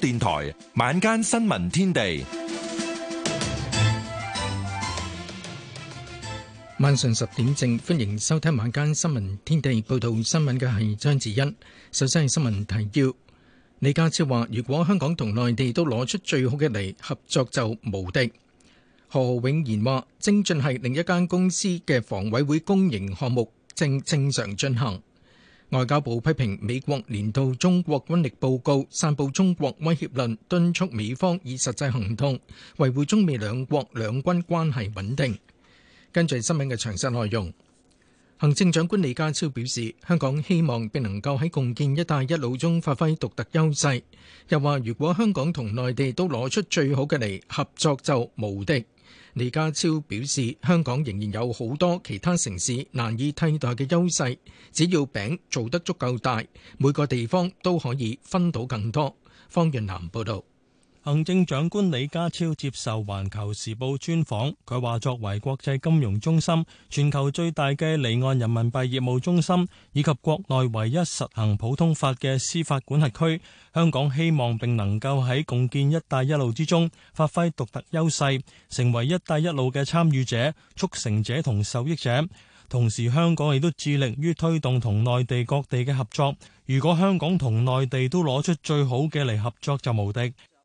電台晚間新聞天地，晚上十點正歡迎收聽晚間新聞天地，報道新聞嘅係張智欣。首先係新聞提要，李家超話如果香港同內地都攞出最好嘅嚟合作就無敵。何永賢話，精進係另一間公司嘅房委會公營項目正正常進行。外交部批評美國年度中國軍力報告散布中國威脅論，敦促美方以實際行動維護中美兩國兩軍關係穩定。跟住新聞嘅詳細內容，行政長官李家超表示，香港希望並能夠喺共建“一帶一路”中發揮獨特優勢。又話，如果香港同內地都攞出最好嘅嚟合作，就無敵。李家超表示，香港仍然有好多其他城市難以替代嘅優勢，只要餅做得足夠大，每個地方都可以分到更多。方潤南報道。行政長官李家超接受環球時報專訪，佢話：作為國際金融中心、全球最大嘅離岸人民幣業務中心，以及國內唯一實行普通法嘅司法管轄區，香港希望並能夠喺共建一帶一路之中發揮獨特優勢，成為一帶一路嘅參與者、促成者同受益者。同時，香港亦都致力於推動同內地各地嘅合作。如果香港同內地都攞出最好嘅嚟合作，就無敵。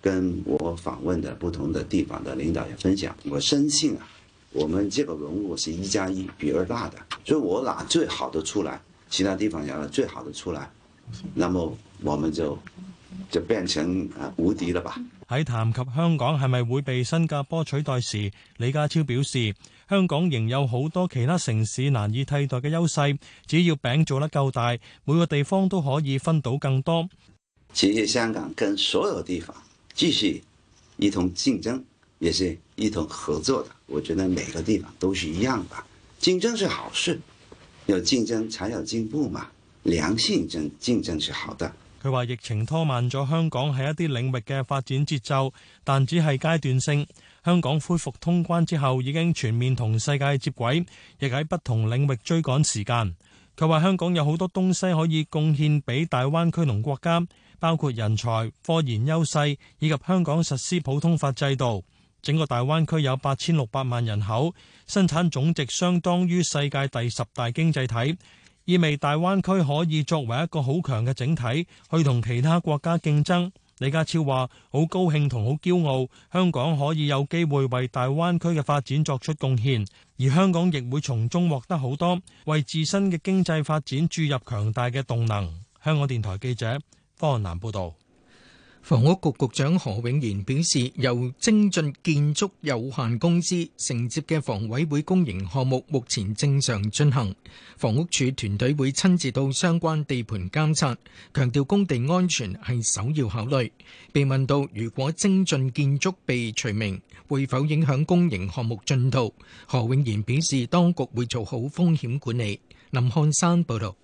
跟我訪問的不同的地方的領導人分享，我深信啊，我們這個文物是一加一比二大，的，所以我攞最好的出來，其他地方也攞最好的出來，那麼我們就就變成啊無敵了吧。喺談及香港係咪會被新加坡取代時，李家超表示，香港仍有好多其他城市難以替代嘅優勢，只要餅做得夠大，每個地方都可以分到更多。其實香港跟所有地方，繼續一同競爭，也是一同合作的。我覺得每個地方都是一樣吧。競爭是好事，有競爭才有進步嘛。良性競競爭是好的。佢話疫情拖慢咗香港喺一啲領域嘅發展節奏，但只係階段性。香港恢復通關之後，已經全面同世界接軌，亦喺不同領域追趕時間。佢話香港有好多東西可以貢獻俾大灣區同國家。包括人才、科研優勢，以及香港實施普通法制度。整個大灣區有八千六百萬人口，生產總值相當於世界第十大經濟體，意味大灣區可以作為一個好強嘅整體去同其他國家競爭。李家超話，好高興同好驕傲，香港可以有機會為大灣區嘅發展作出貢獻，而香港亦會從中獲得好多，為自身嘅經濟發展注入強大嘅動能。香港電台記者。方南報道，房屋局局長何永賢表示，由精進建築有限公司承接嘅房委會公營項目，目前正常進行。房屋署團隊會親自到相關地盤監察，強調工地安全係首要考慮。被問到如果精進建築被除名，會否影響公營項目進度？何永賢表示，當局會做好風險管理。林漢山報道。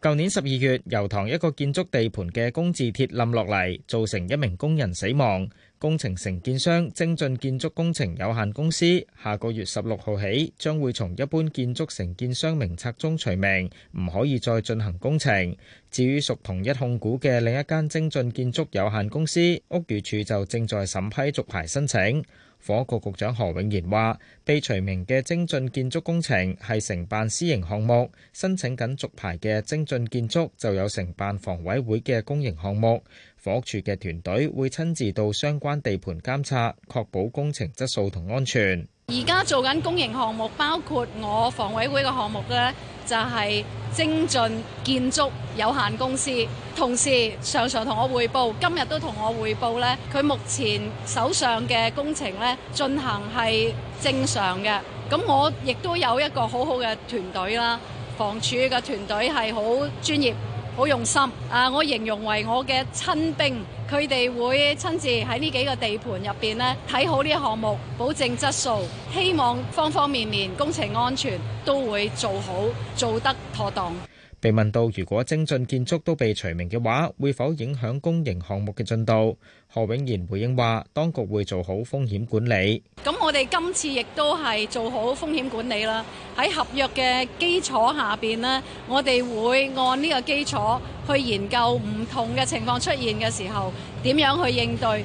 舊年十二月，油塘一個建築地盤嘅工字鐵冧落嚟，造成一名工人死亡。工程承建商精進建築工程有限公司下個月十六號起將會從一般建築承建商名冊中除名，唔可以再進行工程。至於屬同一控股嘅另一間精進建築有限公司，屋宇署就正在審批續牌申請。房屋局局長何永賢話，被除名嘅精進建築工程係承辦私營項目，申請緊續牌嘅精進建築就有承辦房委會嘅公營項目。房屋署嘅團隊會親自到相關地盤監察，確保工程質素同安全。而家做緊公營項目，包括我房委會嘅項目嘅咧，就係精進建築有限公司。同時常常同我匯報，今日都同我匯報咧，佢目前手上嘅工程咧進行係正常嘅。咁我亦都有一個好好嘅團隊啦，房署嘅團隊係好專業。好用心啊！我形容為我嘅親兵，佢哋會親自喺呢幾個地盤入邊咧睇好呢個項目，保證質素，希望方方面面工程安全都會做好做得妥當。被問到如果精進建築都被除名嘅話，會否影響公營項目嘅進度？何永賢回應話：當局會做好風險管理。咁我哋今次亦都係做好風險管理啦。喺合約嘅基礎下邊呢，我哋會按呢個基礎去研究唔同嘅情況出現嘅時候，點樣去應對。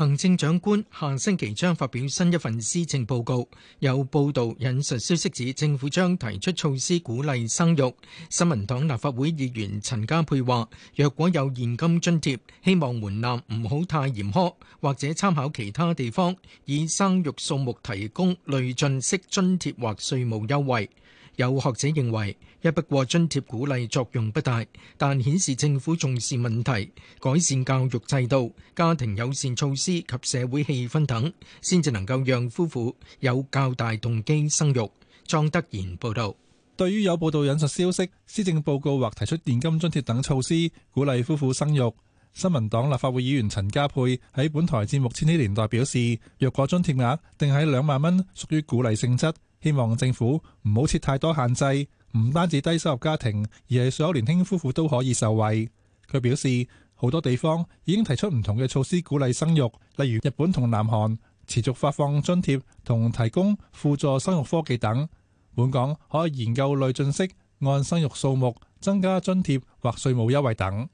行政長官下星期將發表新一份施政報告，有報導引述消息指政府將提出措施鼓勵生育。新民黨立法會議員陳家佩話，若果有現金津貼，希望門檻唔好太嚴苛，或者參考其他地方，以生育數目提供累進式津貼或稅務優惠。有學者認為，一筆過，津貼鼓勵作用不大，但顯示政府重視問題，改善教育制度、家庭友善措施及社會氣氛等，先至能夠讓夫婦有較大動機生育。莊德賢報道，對於有報道引述消息，施政報告或提出現金津貼等措施，鼓勵夫婦生育。新民黨立法會議員陳家珮喺本台節目《千禧年代》表示，若果津貼額定喺兩萬蚊，屬於鼓勵性質，希望政府唔好設太多限制。唔單止低收入家庭，而係所有年輕夫婦都可以受惠。佢表示，好多地方已經提出唔同嘅措施鼓勵生育，例如日本同南韓持續發放津貼同提供輔助生育科技等。本港可以研究累進式，按生育數目增加津貼或稅務優惠等。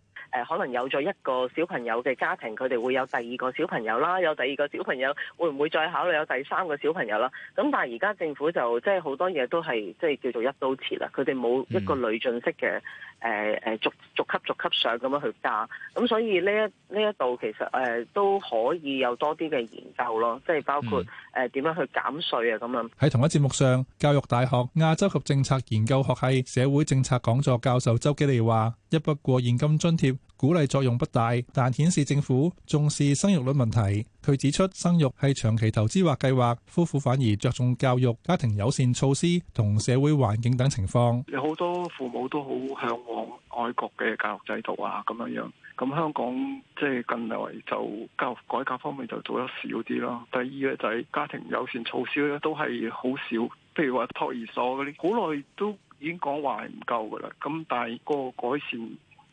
誒，可能有咗一個小朋友嘅家庭，佢哋會有第二個小朋友啦。有第二個小朋友，會唔會再考慮有第三個小朋友啦？咁但係而家政府就即係好多嘢都係即係叫做一刀切啦。佢哋冇一個累進式嘅誒誒逐逐級逐級上咁樣去加。咁所以呢一呢一度其實誒、呃、都可以有多啲嘅研究咯，即係包括誒點樣去減稅啊咁樣。喺同一節目上，教育大學亞洲及政策研究學系社會政策講座教授周基利話，一不過現金津貼。鼓勵作用不大，但顯示政府重視生育率問題。佢指出，生育係長期投資或計劃，夫婦反而着重教育、家庭友善措施同社會環境等情況。有好多父母都好向往外國嘅教育制度啊，咁樣樣。咁香港即係、就是、近來就教育改革方面就做得少啲啦。第二咧就係、是、家庭友善措施咧都係好少，譬如話托兒所嗰啲，好耐都已經講話係唔夠噶啦。咁但係個改善。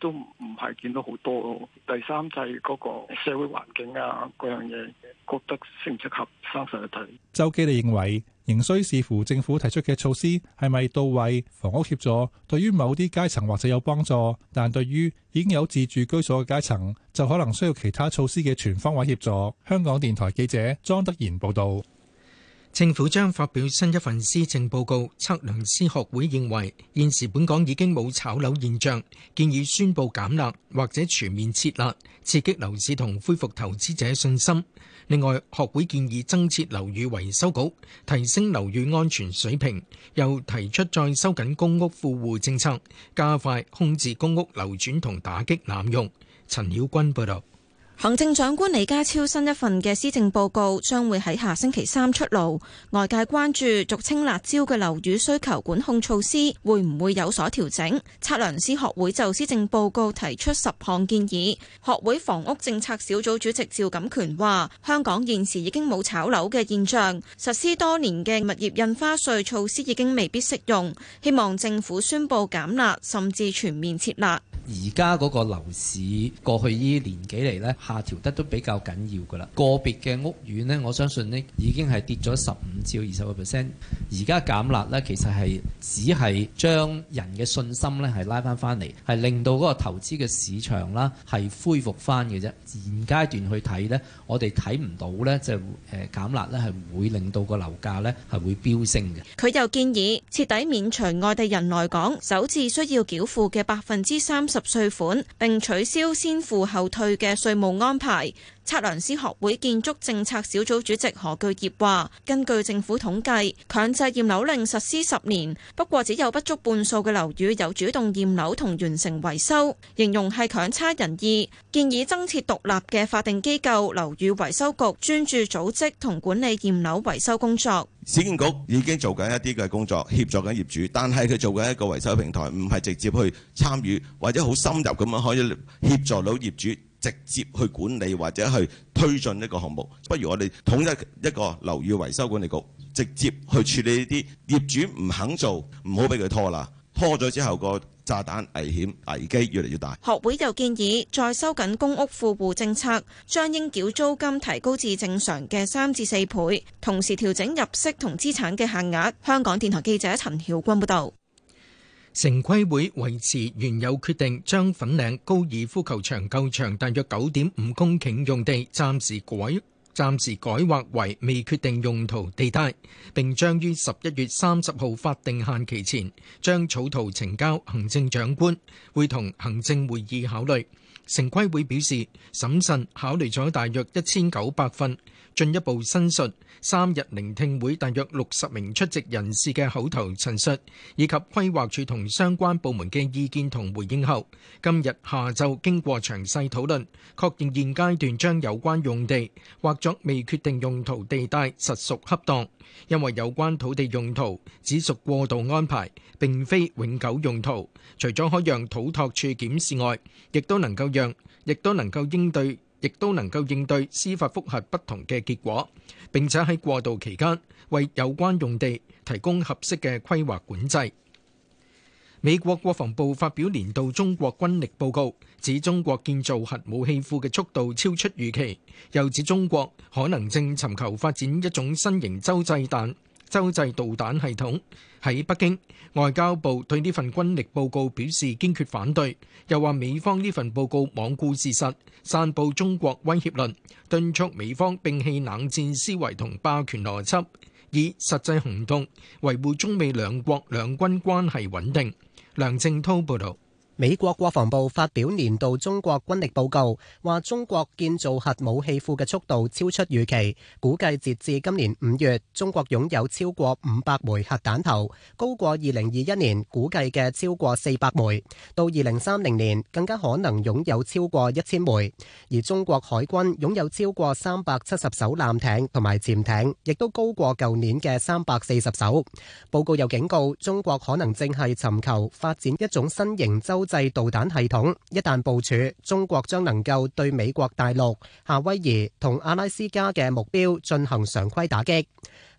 都唔係見到好多咯，第三制嗰個社會環境啊，嗰樣嘢覺得適唔適合三十一睇？周基利認為，仍需視乎政府提出嘅措施係咪到位，房屋協助對於某啲階層或者有幫助，但對於已經有自住居所嘅階層就可能需要其他措施嘅全方位協助。香港電台記者莊德賢報道。政府將發表新一份施政報告，測量師學會認為現時本港已經冇炒樓現象，建議宣布減辣或者全面撤辣，刺激樓市同恢復投資者信心。另外，學會建議增設樓宇維修局，提升樓宇安全水平，又提出再收緊公屋富戶政策，加快控制公屋流轉同打擊濫用。陳曉君報道。行政長官李家超新一份嘅施政報告將會喺下星期三出爐，外界關注俗稱辣招嘅樓宇需求管控措施會唔會有所調整。測量師學會就施政報告提出十項建議，學會房屋政策小組主席趙錦權話：香港現時已經冇炒樓嘅現象，實施多年嘅物業印花稅措施已經未必適用，希望政府宣布減辣甚至全面撤辣。而家嗰個樓市過去呢年幾嚟，咧，下調得都比較緊要噶啦。個別嘅屋苑咧，我相信咧已經係跌咗十五至二十個 percent。而家減辣咧,其實係只係將人嘅信心咧係拉翻翻嚟，係令到嗰個投資嘅市場啦係恢復翻嘅啫。現階段去睇咧，我哋睇唔到咧，就誒減辣咧係會令到個樓價咧係會飆升嘅。佢又建議徹底免除外地人來港首次需要繳付嘅百分之三。十稅款，並取消先付後退嘅稅務安排。測量師學會建築政策小組主席何巨業話，根據政府統計，強制驗樓令實施十年，不過只有不足半數嘅樓宇有主動驗樓同完成維修，形容係強差人意。建議增設獨立嘅法定機構樓宇維修局，專注組織同管理驗樓維修工作。市建局已經做緊一啲嘅工作，協助緊業主，但係佢做緊一個維修平台，唔係直接去參與，或者好深入咁樣可以協助到業主。直接去管理或者去推進呢個項目，不如我哋統一一個樓宇維修管理局，直接去處理呢啲業主唔肯做，唔好俾佢拖啦。拖咗之後，個炸彈危險危機越嚟越大。學會又建議再收緊公屋富戶政策，將應繳租金提高至正常嘅三至四倍，同時調整入息同資產嘅限額。香港電台記者陳曉君報道。城規會維持原有決定，將粉嶺高爾夫球場舊場大約九點五公頃用地暫時改暫時改劃為未決定用途地帶，並將於十一月三十號法定限期前將草圖呈交行政長官，會同行政會議考慮。城規會表示，審慎考慮咗大約一千九百份進一步申述，三日聆聽會大約六十名出席人士嘅口頭陳述，以及規劃署同相關部門嘅意見同回應後，今日下晝經過詳細討論，確認現階段將有關用地或作未決定用途地帶實屬恰當，因為有關土地用途只屬過渡安排，並非永久用途，除咗可讓土拓署檢視外，亦都能夠。樣亦都能夠應對，亦都能夠應對司法覆核不同嘅結果，並且喺過渡期間為有關用地提供合適嘅規劃管制。美國國防部發表年度中國軍力報告，指中國建造核武器庫嘅速度超出預期，又指中國可能正尋求發展一種新型洲際彈。洲際導彈系統。喺北京，外交部對呢份軍力報告表示堅決反對，又話美方呢份報告罔顧事實，散佈中國威脅論，敦促美方摒棄冷戰思維同霸權邏輯，以實際行動維護中美兩國兩軍關係穩定。梁正濤報導。美國國防部發表年度中國軍力報告，話中國建造核武器庫嘅速度超出預期。估計截至今年五月，中國擁有超過五百枚核彈頭，高過二零二一年估計嘅超過四百枚。到二零三零年，更加可能擁有超過一千枚。而中國海軍擁有超過三百七十艘艦艇同埋潛艇，亦都高過舊年嘅三百四十艘。報告又警告，中國可能正係尋求發展一種新型洲際。制導彈系統一旦部署，中國將能夠對美國大陸、夏威夷同阿拉斯加嘅目標進行常規打擊。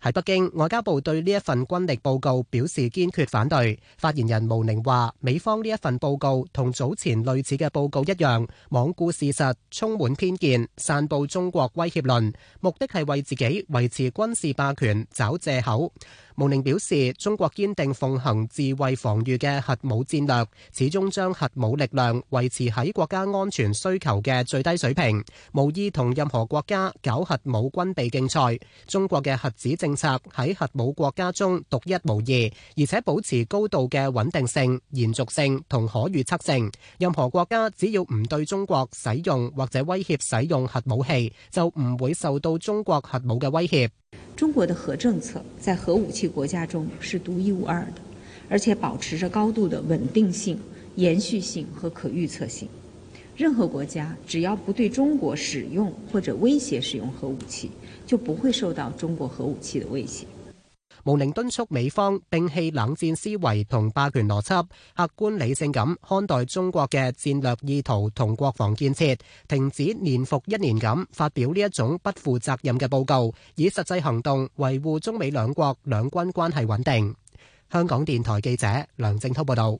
喺北京，外交部對呢一份軍力報告表示堅決反對。發言人毛寧話：美方呢一份報告同早前類似嘅報告一樣，罔顧事實，充滿偏見，散布中國威脅論，目的係為自己維持軍事霸權找借口。毛寧表示：中國堅定奉行自衛防禦嘅核武戰略，始終將核武力量維持喺國家安全需求嘅最低水平，無意同任何國家搞核武軍備競賽。中國嘅核子政策喺核武國家中獨一無二，而且保持高度嘅穩定性、延續性同可預測性。任何國家只要唔對中國使用或者威脅使用核武器，就唔會受到中國核武嘅威脅。中國的核政策在核武器國家中是獨一無二，而且保持着高度的穩定性、延續性和可預測性。任何國家只要不對中國使用或者威脅使用核武器，就不會受到中國核武器的威脅。毛寧敦促美方摒棄冷戰思維同霸權邏輯，客觀理性咁看待中國嘅戰略意圖同國防建設，停止年復一年咁發表呢一種不負責任嘅報告，以實際行動維護中美兩國兩軍關係穩定。香港電台記者梁正滔報道。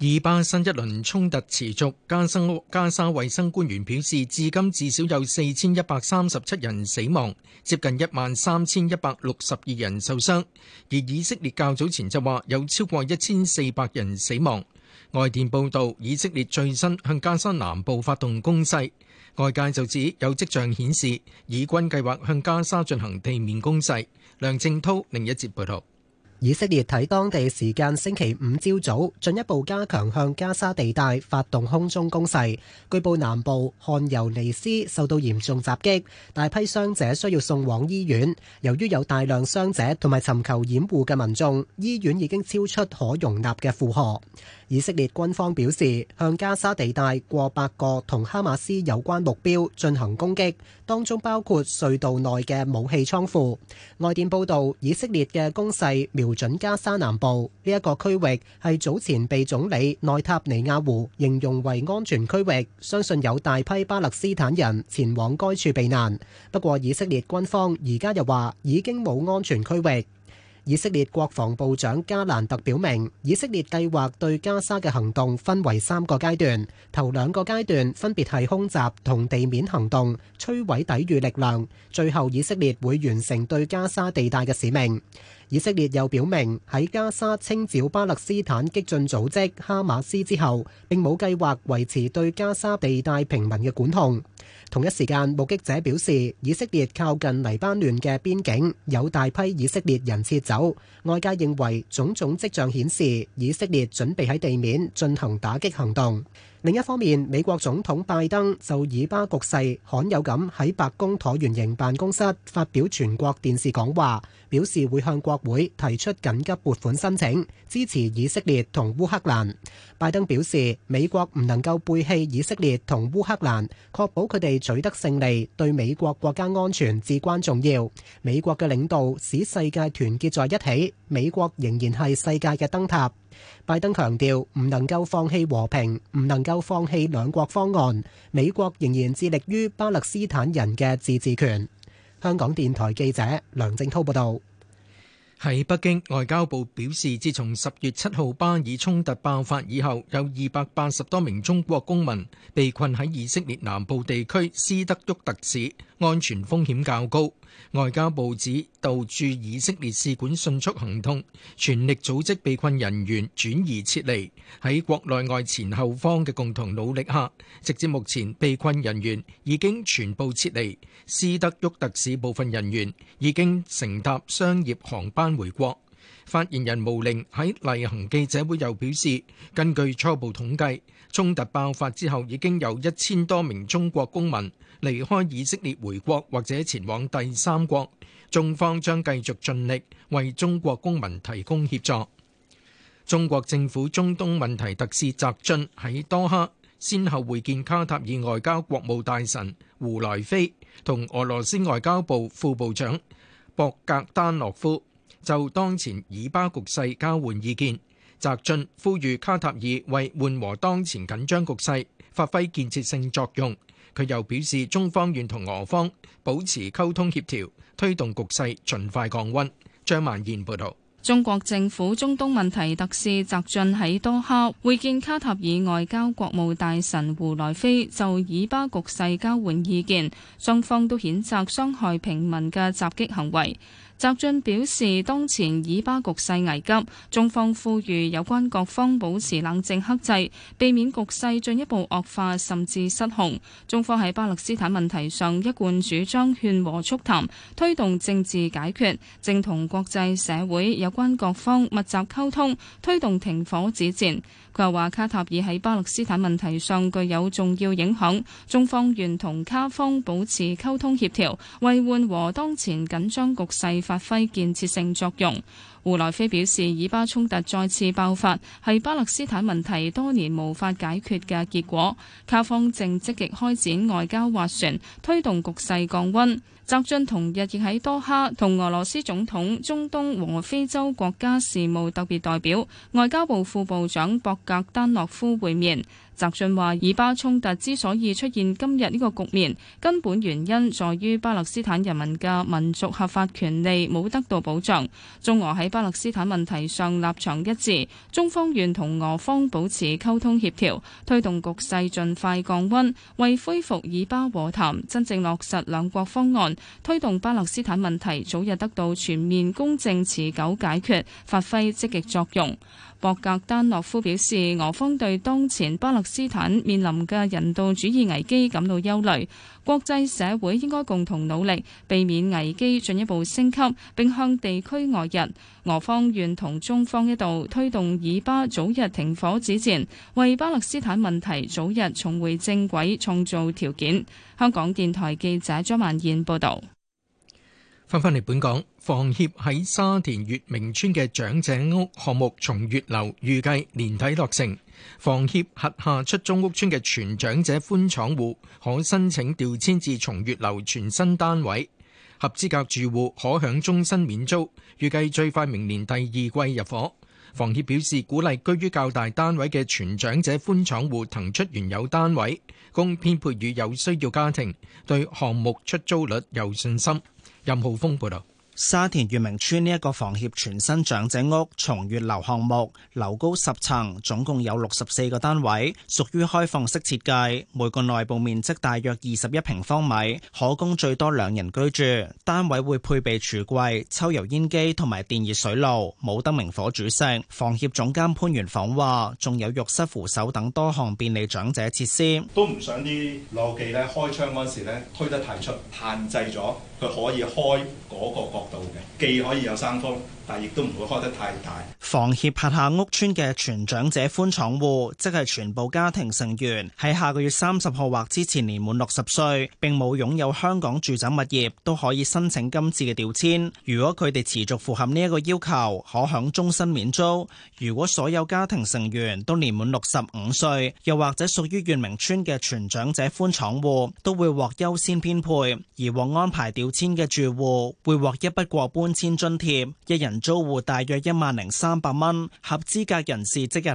以巴新一輪衝突持續，加沙加沙衛生官員表示，至今至少有四千一百三十七人死亡，接近一萬三千一百六十二人受傷。而以色列較早前就話有超過一千四百人死亡。外電報導，以色列最新向加沙南部發動攻勢，外界就指有跡象顯示，以軍計劃向加沙進行地面攻勢。梁正濤另一節報道。以色列喺當地時間星期五朝早進一步加強向加沙地帶發動空中攻勢，據報南部漢尤尼斯受到嚴重襲擊，大批傷者需要送往醫院。由於有大量傷者同埋尋求掩護嘅民眾，醫院已經超出可容納嘅負荷。以色列軍方表示，向加沙地帶過百個同哈馬斯有關目標進行攻擊，當中包括隧道內嘅武器倉庫。外電報導，以色列嘅攻勢瞄準加沙南部呢一個區域，係早前被總理內塔尼亞胡形容為安全區域，相信有大批巴勒斯坦人前往該處避難。不過，以色列軍方而家又話已經冇安全區域。以色列國防部長加蘭特表明，以色列計劃對加沙嘅行動分為三個階段，頭兩個階段分別係空襲同地面行動，摧毀抵禦力量，最後以色列會完成對加沙地帶嘅使命。以色列又表明喺加沙清剿巴勒斯坦激進組織哈馬斯之後，並冇計劃維持對加沙地帶平民嘅管控。同一時間，目擊者表示，以色列靠近黎巴嫩嘅邊境有大批以色列人撤走。外界認為，種種跡象顯示以色列準備喺地面進行打擊行動。另一方面，美國總統拜登就以巴局勢罕有咁喺白宮橢圓形辦公室發表全國電視講話，表示會向國會提出緊急撥款申請，支持以色列同烏克蘭。拜登表示，美國唔能夠背棄以色列同烏克蘭，確保佢哋取得勝利，對美國國家安全至關重要。美國嘅領導使世界團結在一起，美國仍然係世界嘅燈塔。拜登強調唔能夠放棄和平，唔能夠放棄兩國方案。美國仍然致力於巴勒斯坦人嘅自治權。香港電台記者梁正滔報導。喺北京，外交部表示，自從十月七號巴以衝突爆發以後，有二百八十多名中國公民被困喺以色列南部地區斯德沃特市，安全風險較高。外交部指導駐以色列使館迅速行動，全力組織被困人員轉移撤離。喺國內外前後方嘅共同努力下，直至目前被困人員已經全部撤離，斯德沃特市部分人員已經乘搭商業航班。回國。發言人毛寧喺例行記者會又表示，根據初步統計，衝突爆發之後，已經有一千多名中國公民離開以色列回國或者前往第三國。中方將繼續盡力為中國公民提供協助。中國政府中東問題特使澤俊喺多哈先後會見卡塔爾外交國務大臣胡萊菲同俄羅斯外交部副部長博格丹諾夫，就當前以巴局勢交換意見，習俊呼籲卡塔爾為緩和當前緊張局勢，發揮建設性作用。佢又表示，中方願同俄方保持溝通協調，推動局勢盡快降溫。張曼燕報導，中國政府中東問題特使習俊喺多哈會見卡塔爾外交國務大臣胡萊菲，就以巴局勢交換意見，雙方都譴責傷害平民嘅襲擊行為。習俊表示，當前以巴局勢危急，中方呼籲有關各方保持冷靜克制，避免局勢進一步惡化，甚至失控。中方喺巴勒斯坦問題上一貫主張勸和促談，推動政治解決，正同國際社會有關各方密集溝通，推動停火止戰。佢話，卡塔爾喺巴勒斯坦問題上具有重要影響，中方願同卡方保持溝通協調，為緩和當前緊張局勢發揮建設性作用。胡來菲表示，以巴衝突再次爆發係巴勒斯坦問題多年無法解決嘅結果，卡方正積極開展外交斡旋，推動局勢降溫。澤俊同日亦喺多哈同俄羅斯總統、中東和非洲國家事務特別代表、外交部副部長博格丹諾夫會面。習俊話：以巴衝突之所以出現今日呢個局面，根本原因在於巴勒斯坦人民嘅民族合法權利冇得到保障。中俄喺巴勒斯坦問題上立場一致，中方願同俄方保持溝通協調，推動局勢盡快降温，為恢復以巴和談、真正落實兩國方案、推動巴勒斯坦問題早日得到全面公正持久解決，發揮積極作用。博格丹諾夫表示，俄方對當前巴勒斯坦面臨嘅人道主義危機感到憂慮，國際社會應該共同努力，避免危機進一步升級，並向地區外日。俄方願同中方一道推動以巴早日停火止戰，為巴勒斯坦問題早日重回正軌創造條件。香港電台記者張曼燕報道。翻返嚟本港，房協喺沙田月明村嘅長者屋項目松月樓預計年底落成。房協轄下出租屋村嘅全長者寬敞戶可申請調遷至松月樓全新單位，合資格住戶可享終身免租。預計最快明年第二季入伙。房協表示鼓勵居於較大單位嘅全長者寬敞戶騰出原有單位，供編配予有需要家庭，對項目出租率有信心。任浩峰報道，沙田月明邨呢一個房協全新長者屋，松月樓項目，樓高十層，總共有六十四個單位，屬於開放式設計，每個內部面積大約二十一平方米，可供最多兩人居住。單位會配備櫥櫃、抽油煙機同埋電熱水爐，冇得明火煮食。房協總監潘元訪話，仲有浴室扶手等多項便利長者設施。都唔想啲老記咧開窗嗰時咧推得太出，限制咗。佢可以開嗰個角度嘅，既可以有山峰。但亦都唔會開得太大。房協轄下屋邨嘅全長者寬敞戶，即係全部家庭成員喺下個月三十號或之前年滿六十歲，並冇擁有香港住宅物業，都可以申請今次嘅調遷。如果佢哋持續符合呢一個要求，可享終身免租。如果所有家庭成員都年滿六十五歲，又或者屬於乙明邨嘅全長者寬敞戶，都會獲優先編配，而獲安排調遷嘅住戶會獲一筆過搬遷津貼，一人。租戶大約一萬零三百蚊，合資格人士即日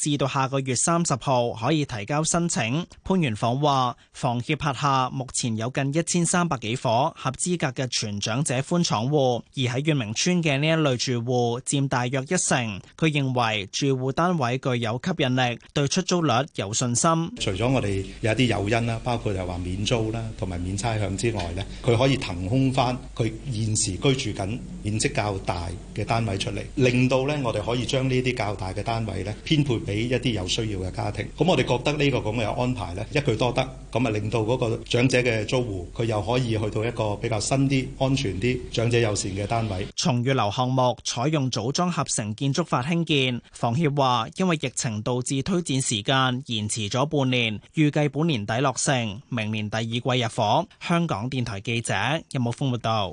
起至到下個月三十號可以提交申請。潘元鳳話，房協拍下目前有近一千三百幾伙合資格嘅全長者寬敞戶，而喺月明村嘅呢一類住戶佔大約一成。佢認為住戶單位具有吸引力，對出租率有信心。除咗我哋有啲誘因啦，包括係話免租啦，同埋免差餉之外呢，佢可以騰空翻，佢現時居住緊面積較大嘅單位出嚟，令到咧我哋可以將呢啲較大嘅單位咧編配俾一啲有需要嘅家庭。咁我哋覺得呢個咁嘅安排呢，一舉多得，咁啊令到嗰個長者嘅租戶佢又可以去到一個比較新啲、安全啲、長者友善嘅單位。崇業樓項目採用組裝合成建築法興建，房協話因為疫情導致推展時間延遲咗半年，預計本年底落成，明年第二季入伙。香港電台記者任武峯報道。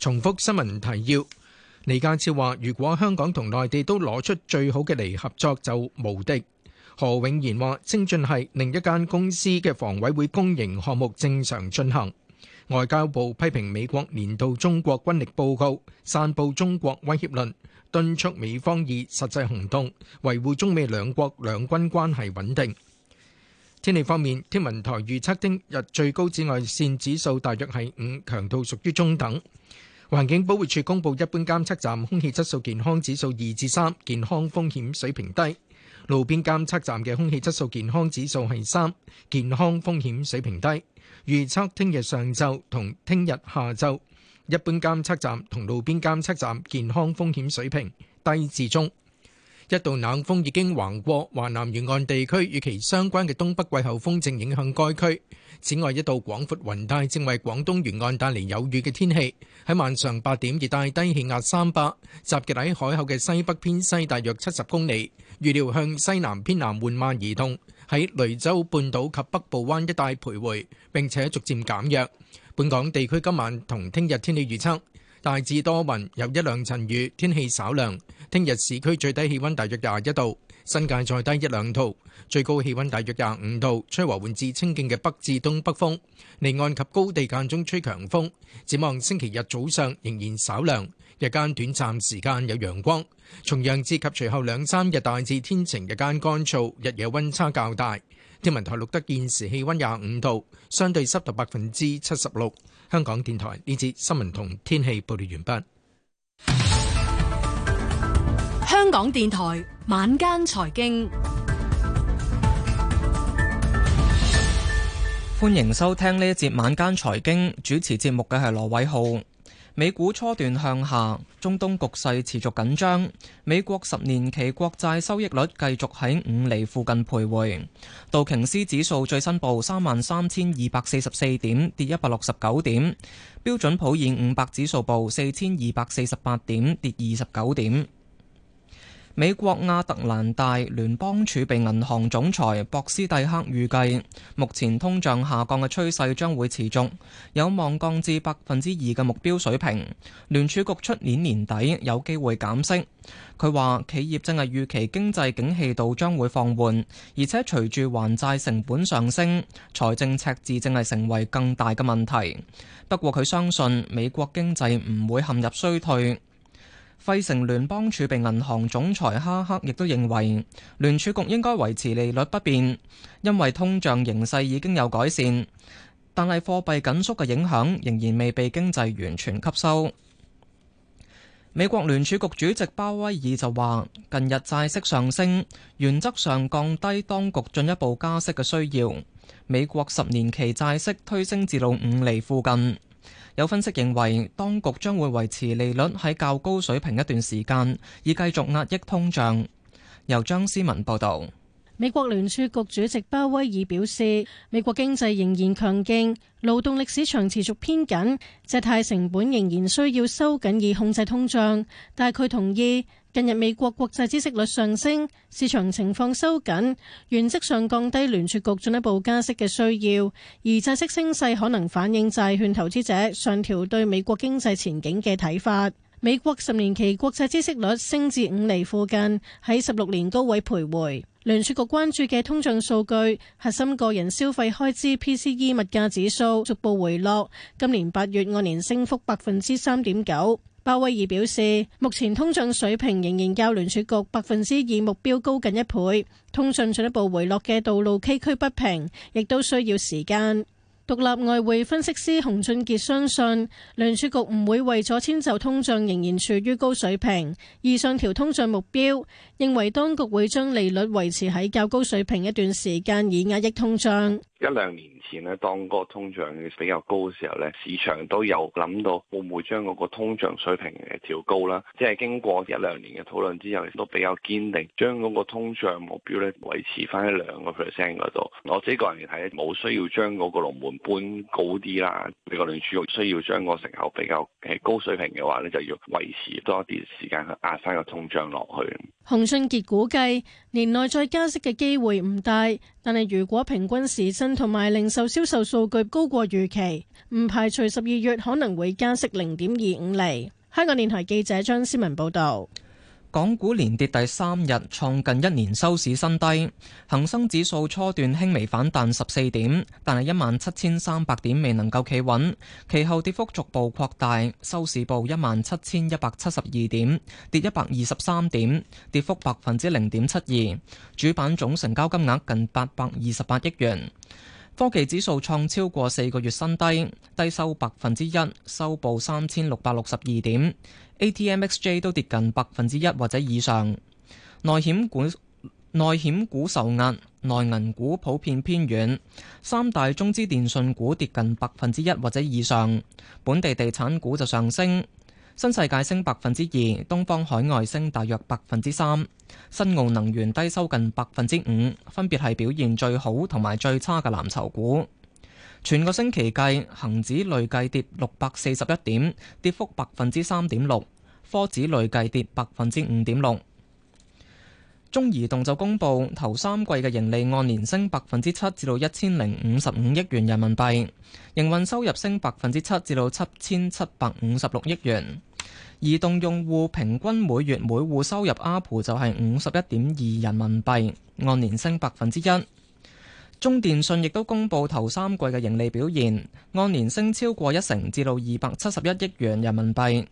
重複新聞提要：李家超話，如果香港同內地都攞出最好嘅嚟合作，就無敵。何永賢話，精進係另一間公司嘅房委會公營項目正常進行。外交部批評美國年度中國軍力報告，散佈中國威脅論，敦促美方以實際行動維護中美兩國兩軍關係穩定。天氣方面，天文台預測聽日最高紫外線指數大約係五，強度屬於中等。環境保護署公布，一般監測站空氣質素健康指數二至三，健康風險水平低；路邊監測站嘅空氣質素健康指數係三，健康風險水平低。預測聽日上晝同聽日下晝，一般監測站同路邊監測站健康風險水平低至中。一道冷風已經橫過華南沿岸地區，與其相關嘅東北季候風正影響該區。此外，一道廣闊雲帶正為廣東沿岸帶嚟有雨嘅天氣。喺晚上八點，熱帶低氣壓三百，集結喺海口嘅西北偏西，大約七十公里，預料向西南偏南緩慢移動，喺雷州半島及北部灣一帶徘徊，並且逐漸減弱。本港地區今晚同聽日天氣預測。大致多雲，有一兩陣雨，天氣稍涼。聽日市區最低氣溫大約廿一度，新界再低一兩度，最高氣溫大約廿五度，吹和緩至清勁嘅北至東北風，離岸及高地間中吹強風。展望星期日早上仍然稍涼，日間短暫時間有陽光。重陽節及隨後兩三日大致天晴，日間乾燥，日夜溫差較大。天文台錄得現時氣溫廿五度，相對濕度百分之七十六。香港電台呢節新聞同天氣報道完畢。香港電台晚間財經， 歡迎收聽呢一節晚間財經，主持節目嘅係羅偉浩。美股初段向下，中東局勢持續緊張。美國十年期國債收益率繼續喺五厘附近徘徊。道瓊斯指數最新報三萬三千二百四十四點，跌一百六十九點。標準普爾五百指數報四千二百四十八點，跌二十九點。美國亞特蘭大聯邦儲備銀行總裁博斯蒂克預計，目前通脹下降嘅趨勢將會持續，有望降至百分之二嘅目標水平。聯儲局出年年底有機會減息。佢話企業正係預期經濟景氣度將會放緩，而且隨住還債成本上升，財政赤字正係成為更大嘅問題。不過佢相信美國經濟唔會陷入衰退。費城聯邦儲備銀行總裁哈克亦都認為聯儲局應該維持利率不變，因為通脹形勢已經有改善，但係貨幣緊縮嘅影響仍然未被經濟完全吸收。美國聯儲局主席鮑威爾就話，近日債息上升，原則上降低當局進一步加息嘅需要。美國十年期債息推升至到五厘附近。有分析認為，當局將會維持利率喺較高水平一段時間，以繼續壓抑通脹。由張思文報導，美國聯儲局主席鮑威爾表示，美國經濟仍然強勁，勞動力市場持續偏緊，借貸成本仍然需要收緊以控制通脹，但係佢同意。近日美國國債孳息率上升，市場情況收緊，原則上降低聯儲局進一步加息嘅需要。而債息升勢可能反映債券投資者上調對美國經濟前景嘅睇法。美國十年期國債孳息率升至五厘附近，喺十六年高位徘徊。聯儲局關注嘅通脹數據核心個人消費開支 PCE 物價指數逐步回落，今年八月按年升幅百分之三點九。鮑威爾表示，目前通脹水平仍然較聯儲局百分之二目標高近一倍，通脹進一步回落嘅道路崎嶇不平，亦都需要時間。獨立外匯分析師洪俊杰相信，聯儲局唔會為咗遷就通脹仍然處於高水平而上調通脹目標，認為當局會將利率維持喺較高水平一段時間以壓抑通脹一兩年。前咧，當嗰個通脹比較高嘅時候咧，市場都有諗到會唔會將嗰個通脹水平誒調高啦。即係經過一兩年嘅討論之後，都比較堅定將嗰個通脹目標咧維持翻喺兩個 percent 嗰度。我自己個人嚟睇，冇需要將嗰個龍門搬高啲啦。如果聯儲局需要將個成效比較誒高水平嘅話咧，就要維持多啲時間去壓翻個通脹落去。洪俊杰估計，年內再加息嘅機會唔大，但係如果平均時薪同埋零售銷售數據高過預期，唔排除十二月可能會加息零點二五厘。香港電台記者張思文報道。港股連跌第三日，創近一年收市新低。恒生指數初段輕微反彈十四點，但係一萬七千三百點未能夠企穩，其後跌幅逐步擴大，收市報一萬七千一百七十二點，跌一百二十三點，跌幅百分之零點七二。主板總成交金額近八百二十八億元。科技指數創超過四個月新低，低收百分之一，收報三千六百六十二點。ATMXJ 都跌近百分之一或者以上，內險股受壓，內銀股，股普遍偏軟，三大中資電信股跌近百分之一或者以上，本地地產股就上升，新世界升百分之二，東方海外升大約百分之三，新奧能源低收近百分之五，分別係表現最好同埋最差嘅藍籌股。全個星期計，恒指累計跌六百四十一點，跌幅百分之三點六；科指累計跌百分之五點六。中移動就公布，頭三季嘅盈利按年升百分之七，至到一千零五十五億元人民幣；營運收入升百分之七，至到七千七百五十六億元。移動用戶平均每月每戶收入阿普就係五十一點二人民幣，按年升百分之一。中電信亦都公布頭三季嘅盈利表現，按年升超過一成，至到二百七十一億元人民幣。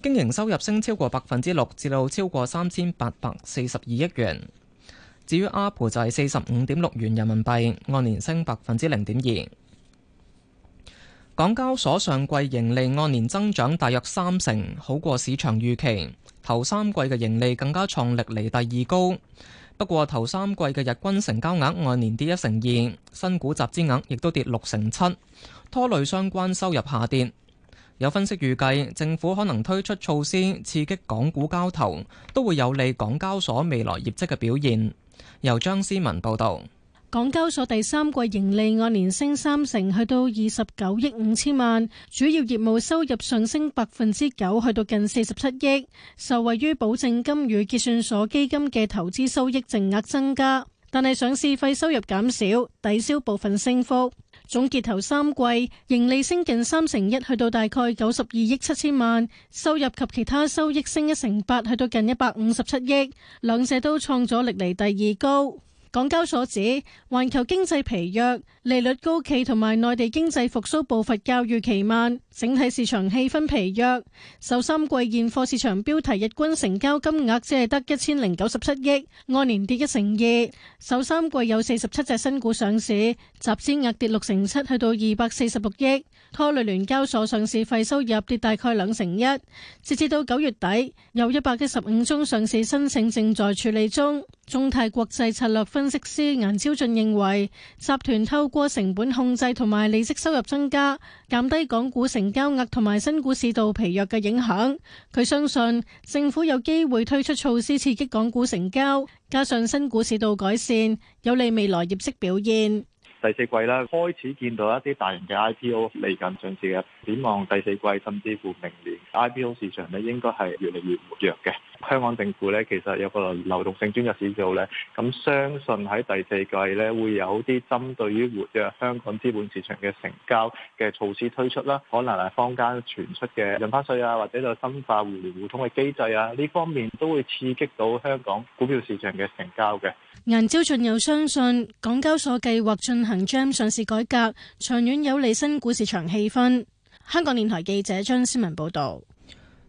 經營收入升超過百分之六，至到超過三千八百四十二億元。至於 ARPU 就係四十五點六元人民幣，按年升百分之零點二。港交所上季盈利按年增長大約三成，好過市場預期。頭三季嘅盈利更加創歷來第二高。不過，頭三季嘅日均成交額按年跌一成二，新股集資額亦都跌六成七，拖累相關收入下跌。有分析預計，政府可能推出措施刺激港股交投，都會有利港交所未來業績嘅表現。由張思文報導。港交所第三季盈利按年升三成，去到二十九億五千萬，主要業務收入上升百分之九，去到近四十七億，受惠於保證金與結算所基金嘅投資收益淨額增加，但係上市費收入減少，抵消部分升幅。總結頭三季盈利升近三成一，去到大概九十二億七千萬，收入及其他收益升一成八，去到近一百五十七億，兩者都創咗歷嚟第二高。港交所指環球經濟疲弱、利率高企，同埋內地經濟復蘇步伐較預期慢，整體市場氣氛疲弱。首三季現貨市場標題日均成交金額只係得一千零九十七億，按年跌一成二。首三季有四十七隻新股上市，集資額跌六成七，去到二百四十六億。拖累聯交所上市費收入跌大概兩成一，截至到九月底，有一百一十五宗上市申請正在處理中。中泰國際策略分析師顏超俊認為，集團透過成本控制同埋利息收入增加，減低港股成交額同埋新股市道疲弱嘅影響。佢相信政府有機會推出措施刺激港股成交，加上新股市道改善，有利未來業績表現。第四季啦，開始見到一啲大型嘅 IPO 嚟緊上市嘅，展望第四季甚至乎明年 IPO 市場咧，應該係越嚟越活躍嘅。香港政府咧，其實有個流流動性專責小組咧，咁相信喺第四季咧會有啲針對於活躍香港資本市場嘅成交嘅措施推出啦，可能係坊間傳出嘅印花稅啊，或者就深化互聯互通嘅機制啊，呢方面都會刺激到香港股票市場嘅成交嘅。顏招駿又相信港交所計劃進行 GEM 上市改革，長遠有利新股市場氣氛。香港電台記者張思文報道。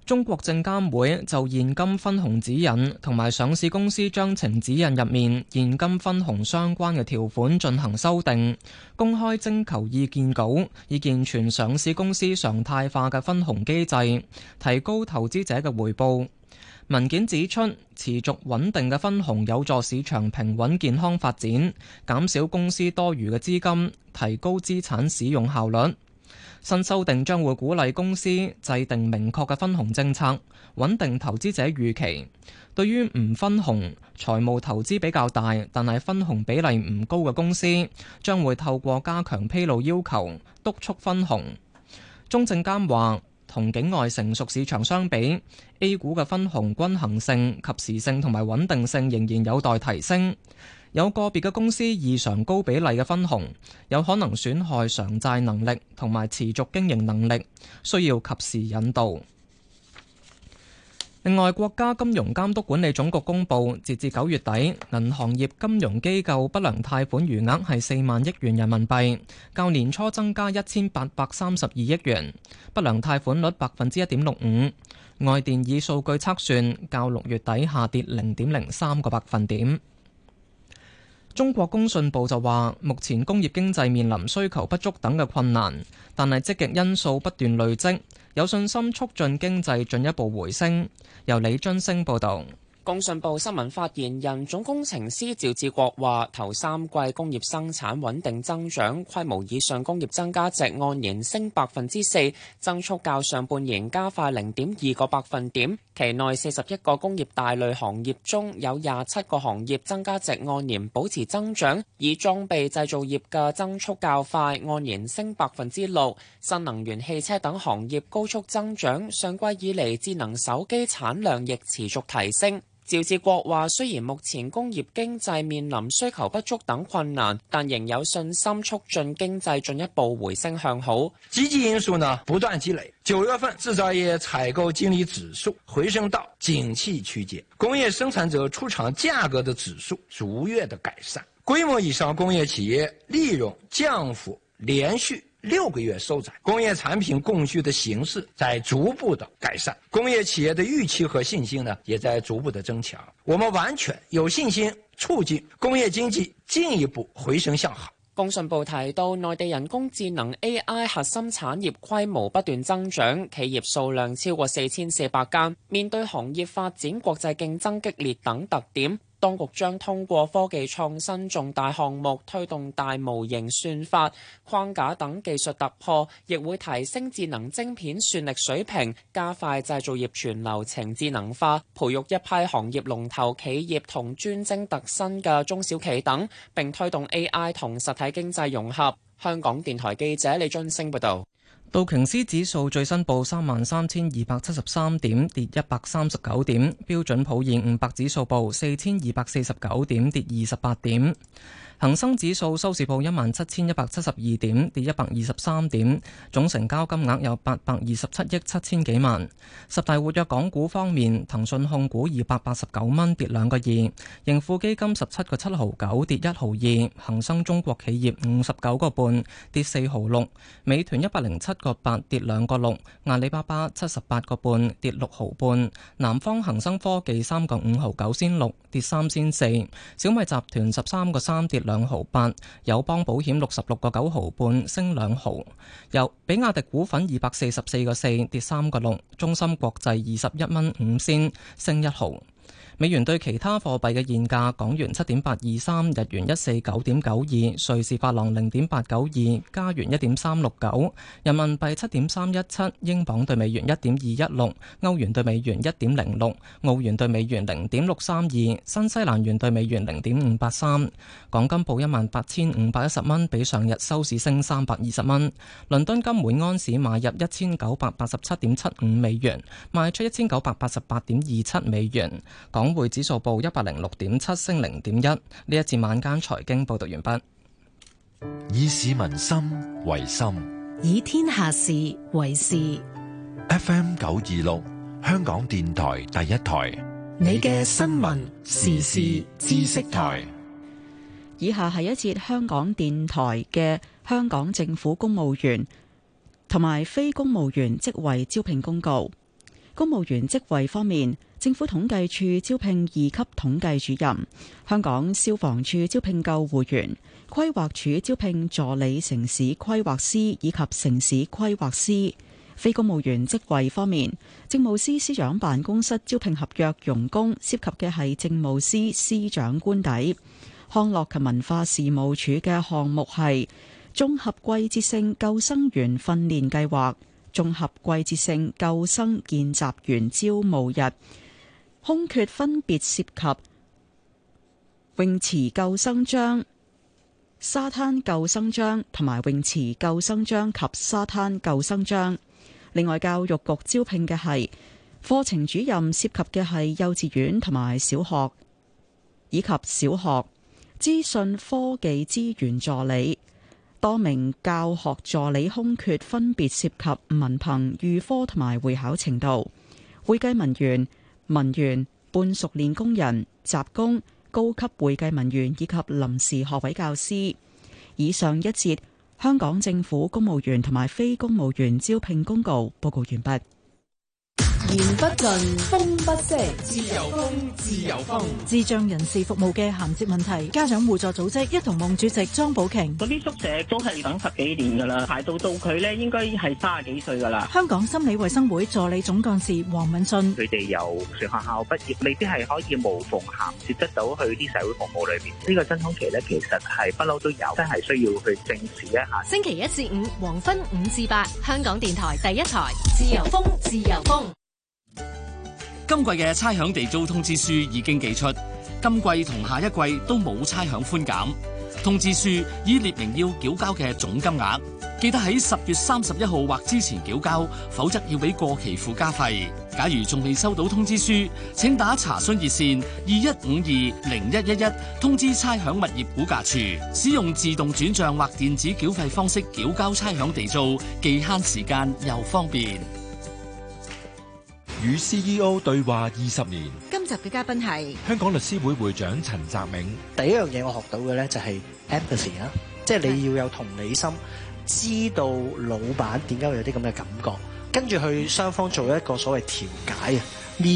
中國證監會就現金分紅指引同埋上市公司章程指引入面現金分紅相關嘅條款進行修訂，公開徵求意見稿，以健全上市公司常態化嘅分紅機制，提高投資者嘅回報。文件指出，持續穩定嘅分紅有助市場平穩健康發展，減少公司多餘嘅資金，提高資產使用效率。新修訂將會鼓勵公司制定明確嘅分紅政策，穩定投資者預期。對於唔分紅、財務投資比較大，但係分紅比例唔高嘅公司，將會透過加強披露要求，督促分紅。中證監話，同境外成熟市場相比，A 股嘅分紅均衡性、及時性同埋穩定性仍然有待提升。有個別嘅公司異常高比例嘅分紅，有可能損害償債能力同埋持續經營能力，需要及時引導。另外，國家金融監督管理總局公佈，截至九月底，銀行業金融機構不良貸款餘額係四萬億元人民幣，較年初增加一千八百三十二億元，不良貸款率百分之一點六五。外電以數據測算，較六月底下跌零點零三個百分點。中國工信部就話，目前工業經濟面臨需求不足等嘅困難，但係積極因素不斷累積，有信心促進經濟進一步回升。由李津升報導。工信部新聞發言人總工程師趙志國話，頭三季工業生產穩定增長，規模以上工業增加值按年升百分之四，增速較上半年加快零點二個百分點。期內四十一個工業大類行業中有廿七個行業增加值按年保持增長，以裝備製造業嘅增速較快，按年升百分之六。新能源汽車等行業高速增長，上季以嚟智能手機產量亦持續提升。趙志國話：雖然目前工業經濟面臨需求不足等困難，但仍有信心促進經濟進一步回升向好。積極因素呢不斷積累。九月份製造業採購經理指數回升到景氣區間，工業生產者出廠價格的指數逐月的改善，規模以上工業企業利潤降幅連續，六個月收窄，工業產品供需的形勢在逐步的改善，工業企業的預期和信心呢也在逐步的增強。我們完全有信心促進工業經濟進一步回升向好。工信部提到，內地人工智能 AI 核心產業規模不斷增長，企業數量超過四千四百家。面對行業發展、國際競爭激烈等特點。當局將通過科技創新重大項目推動大模型算法框架等技術突破，亦會提升智能晶片算力水平，加快製造業全流程智能化，培育一批行業龍頭企業同專精特新嘅中小企等，並推動 AI 同實體經濟融合。香港電台記者李俊升報導。道瓊斯指數最新報三萬三千二百七十三點，跌一百三十九點，標準普爾五百指數報四千二百四十九點，跌二十八點。恒生指數收市報一萬七千一百七十二點，跌一百二十三點，總成交金額有八百二十七億七千幾萬。十大活躍港股方面，騰訊控股二百八十九蚊，跌兩個二；盈富基金十七個七毫九，跌一毫二；恒生中國企業五十九個半，跌四毫六；美團一百零七個八，跌兩個六；阿里巴巴七十八個半，跌六毫半；南方恒生科技三個五毫九先六，跌三先四；小米集團十三個三跌兩毫八，友邦保險六十六個九毫半，升兩毫。由比亞迪股份二百四十四個四，跌三個六，中芯國際二十一蚊五仙，升一毫。美元對其他貨幣嘅現價：港元七點八二三，日元一四九點九二，瑞士法郎零點八九二，加元一點三六九，人民幣七點三一七，英鎊對美元一點二一六，歐元對美元一點零六，澳元對美元零點六三二，新西蘭元對美元零點五八三。港金報一萬八千五百一十蚊，比上日收市升三百二十蚊。倫敦金每安士買入一千九百八十七點七五美元，賣出一千九百八十八點二七美元。港港匯指數報一百零六點七升零點一。呢一節晚間財經報道完畢。以市民心為心，以天下事為事。FM 九二六，香港電台第一台，你嘅新聞時事知識台。以下係一節香港電台嘅香港政府公務員同埋非公務員職位招聘公告。公務員職位方面，政府統計處招聘二級統計主任；香港消防處招聘救護員；規劃署招聘助理城市規劃師以及城市規劃師。非公務員職位方面，政務司司長辦公室招聘合約傭工，涉及嘅係政務司司長官邸。康樂及文化事務署嘅項目係綜合季節性救生員訓練計劃。綜合季節性救生見習員招募日空缺，分別涉及泳池救生章、沙灘救生章同埋泳池救生章及沙灘救生章。另外，教育局招聘嘅係課程主任，涉及嘅係幼稚園同埋小學，以及小學資訊科技資源助理。多名教學助理空缺，分別涉及文憑、預科同埋會考程度。會計文員、文員、半熟練工人、雜工、高級會計文員以及臨時學位教師。以上一節，香港政府公務員同埋非公務員招聘公告報告完畢。言不盡，風不息，自由風，自由風。智障人士服務嘅銜接問題，家長互助組織一同夢主席張寶瓊，嗰啲宿舍都係等十幾年噶啦，排到到佢咧，應該係卅幾歲噶啦。香港心理衛生會助理總幹事黃敏信，佢哋由全學校畢業，未必係可以無縫銜接得到去啲社會服務裏邊。呢個真空期咧，其實係不嬲都有，真係需要去正視一下。星期一至五黃昏五至八，香港電台第一台，自由風，自由風。今季嘅差餉地租通知書已經寄出，今季同下一季都冇差餉寬減。通知書已列明要繳交嘅總金額，記得喺十月三十一號或之前繳交，否則要俾過期附加費。假如仲未收到通知書，請打查詢熱線二一五二零一一一通知差餉物業估價處。使用自動轉賬或電子繳費方式繳交差餉地租，既慳時間又方便。與 CEO 對話二十年，今集嘅嘉賓係香港律師會會長陳澤銘。第一樣嘢我學到嘅咧就係 empathy 啦，即係你要有同理心，知道老闆點解會有啲咁嘅感覺，跟住去雙方做一個所謂調解啊。